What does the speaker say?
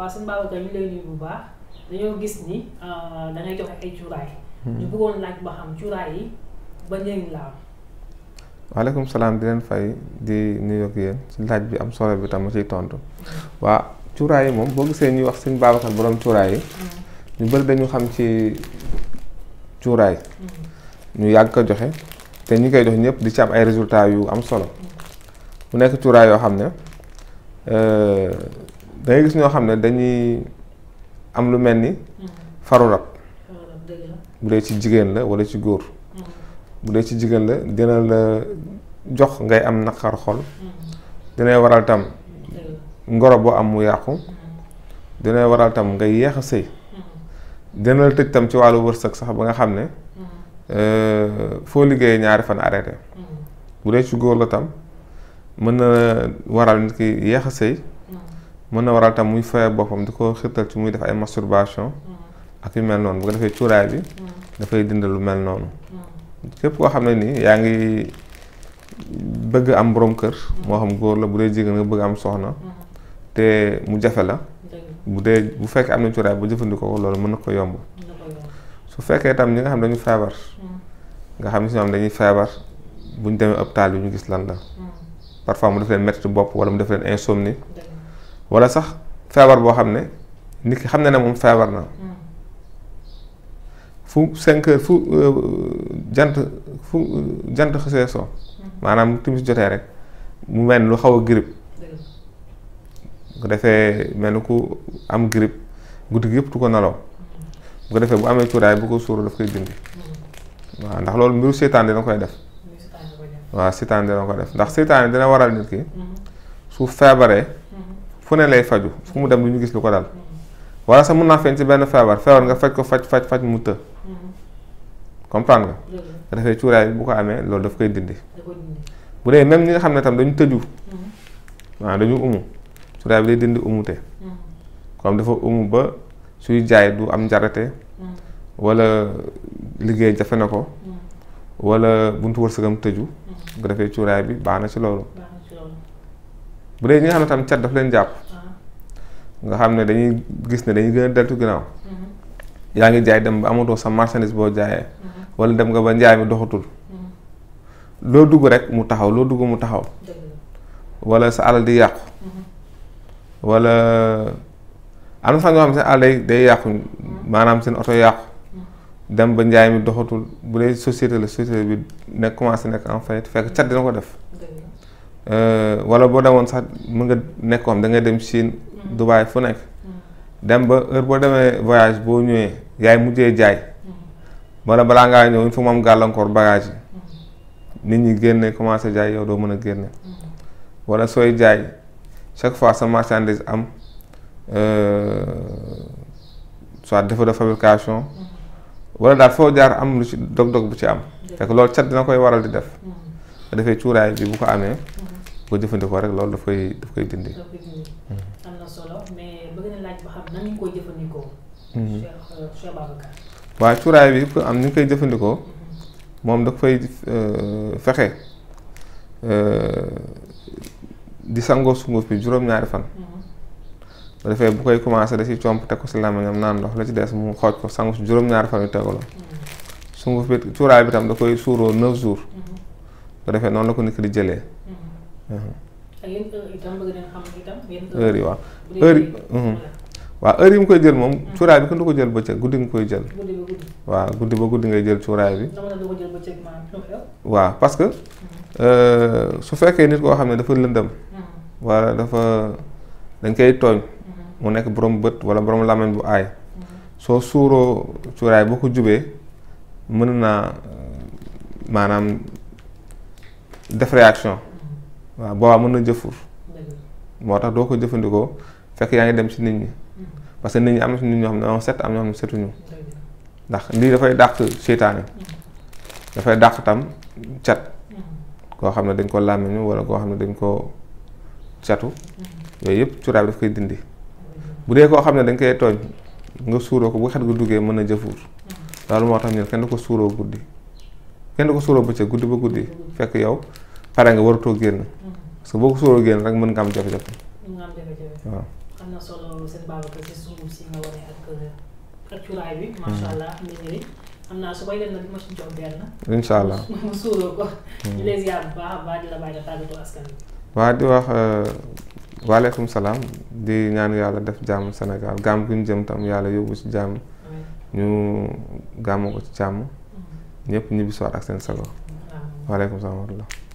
waaw sëñ Babacar ñu lay nuyu bu baax dañoo gis ni euh, da joxe ay cuuraay. Hmm. ñu bëggoon laaj ba xam cuuraay yi ba njëriñ la am. salaam di leen fay di nuyu ak yéen ci laaj bi am solo bi mu ciy tontu hmm. waa cuuraay yi moom boo gisee ñuy wax sëñ Babacar borom cuuraay yi. Hmm. ñu xam ci cuuraay. ñu yàgg joxe te ñi koy jox ñëpp di ci am ay résultats yu am solo. mu nekk cuuraay yoo xam ne. Euh, da ngay gis ñoo xam ne dañuy am lu mel ni. Mm-hmm. faru rab. bu dee ci jigéen la wala ci góor. Mm-hmm. bu dee ci jigéen la dina la jox ngay am naqar xol. Mm-hmm. dinay waral tam ngoro boo am mu yàqu. dinay waral tam ngay yéex a sëy. dina la tëj tam ci wàllu wërsëg sax ba nga xam ne. Euh, foo liggéeyee ñaari fan arrêté. bu dee ci góor la tam mën na waral nit ki yéex a sëy. mën na waral tam muy foye boppam di ko xirtal ci muy def ay masturbation mm. ak yu mel noonu bu ko defee cuuraay bi mm. dafay dindal lu mel noonu mm. képp koo xam ne nii yaa ngi bëgg am boroom kër moo xam góor la bu dee jigéen nga bëgg am soxna te mu jafe la bu dee bu fekkee am na cuuraay bu jëfandikoo loolu mën na ko yomb su fekkee tam ñi nga xam ne dañu feebar nga xam ne si ñoom dañuy feebar bu ñu demee hôpital yu ñu gis lan la parfois mu def leen métti bopp wala mu def leen insomnie wala sax feebar boo xam ne nit ki xam na ne moom feebar na hmm. fu cinq heures fu euh, jant fu euh, jant xasee soo hmm. maanaam timis jotee rek mu mel lu xaw a grippe ko defee mel ni ku am grippe guddi gi yëpp tu ko nalaw hmm. bu ko defee bu amee cuuraay bu ko suuru daf koy dindi waaw ndax loolu mbiru seytaan dina koy def waaw seytaan dina ko def ndax seytaan dina waral nit ki su feebaree fu ne lay faju fu mu dem du ñu gis lu ko dal wala sax mun naa feeñ si benn feebar feebar nga faj ko faj faj faj mu të comprendre nga dafay cuuraay bu ko amee loolu dafa koy dindi bu dee même ñi nga xam ne tam dañu tëju mhm. waa dañu umu cuuraay bi day dindi umute mhm. comme dafa umu ba suy jaay du am njarate mhm. wala liggéey jafe na ko wala buntu wërsëgam tëju nga defee cuuraay bi baax na ci loolu bu dee ñi nga xam ne tam cat daf leen jàpp ah. nga xam ne dañuy gis ne dañuy gën a deltu mm-hmm. yaa ngi jaay dem ba amatoo sa marchandise boo jaayee mm-hmm. wala dem nga ba njaay mi doxatul mm-hmm. loo dugg rek mu taxaw loo dugg mu taxaw wala sa alal di yàqu wala am na sax ñoo xam seen alal day day yàqu maanaam seen oto yàqu dem ba njaay mi doxatul bu dee société la société bi nekk commencé nekk en fait fekk cat dina ko def Euh, wala boo demoon sax mën nga nekkoon da ngay dem Chine mm. Dubaï fu nekk mm. dem ba heure boo demee voyage boo ñëwee yaay mujjee jaay mm. wala balaa ngaa ñëw il faut am gàllankoor bagage yi nit ñi génne commencé jaay yow doo mën a génne wala sooy jaay chaque fois sa marchandise am euh, soit défaut de fabrication wala daal foo jaar am lu ci dog-dog bu ci am fekk loolu cat dina koy waral di def nga defee cuuraay bi bu ko amee. boo jëfandikoo rek loolu daf hmm. koy daf koy hmm. euh, cuuraay bi ku am ni koy jëfandikoo hmm. moom da koy euh, fexe euh, di sangoo sunguf bi juróom-ñaari fan. bu defee bu koy commencé da ciy comp teg ko si làmmiñam naan ndox la ci des mu xooj ko sangu si juróom-ñaari fan yu tegaloo. sunguf bi cuuraay bi tam da koy suuroo neuf jour ko defee noonu la ko nit ki di jëlee. Mm-hmm. Mm-hmm. Mm-hmm. waaw heure waaw heure mu koy jël moom. cuuraay bi kenn ko jël bëccëg guddi nga koy jël. guddi guddi waaw guddi ba guddi ngay jël cuuraay bi. dama la waaw parce que euh, su fekkee nit koo xam ne dafa lëndëm. wala dafa dañ koy tooñ. mu nekk borom bët wala borom làmmiñ bu aay. soo suuroo cuuraay boo ko jubee mën naa maanaam. def réaction waaw boobaa mën na jëfur moo tax doo ko jëfandikoo fekk yaa ngi dem ci nit ñi parce que nit ñi am na ci nit ñoo xam ne on set am ñoo xam ne ndax lii dafay dàq seytaane dafay dàq tam cat koo xam ne dañ ko làmmiñu wala koo xam ne dañ ko catu yooyu yëpp cuuraay bi daf koy dindi bu dee koo xam ne dañ koy tooñ nga suuroo ko bu xet gu duggee mën na jëfuur loolu moo tax ñu kenn du ko suuroo guddi kenn du ko suuroo bëccëg guddi ba guddi fekk yow pare nga waratoo génn mhm. parce que boo ko suuroo génn rek mën am jafe euh, mhm. allah am na mhm. waa di wax euh, waaleykum salaam di ñaan yàlla def jàmm senegal gàmm gi ñu jëm tam yàlla yóbbu ci jàmm. ñu gàmm ko ci jàmm. ñëpp ñibbi soir ak seen sago. waaleykum salaam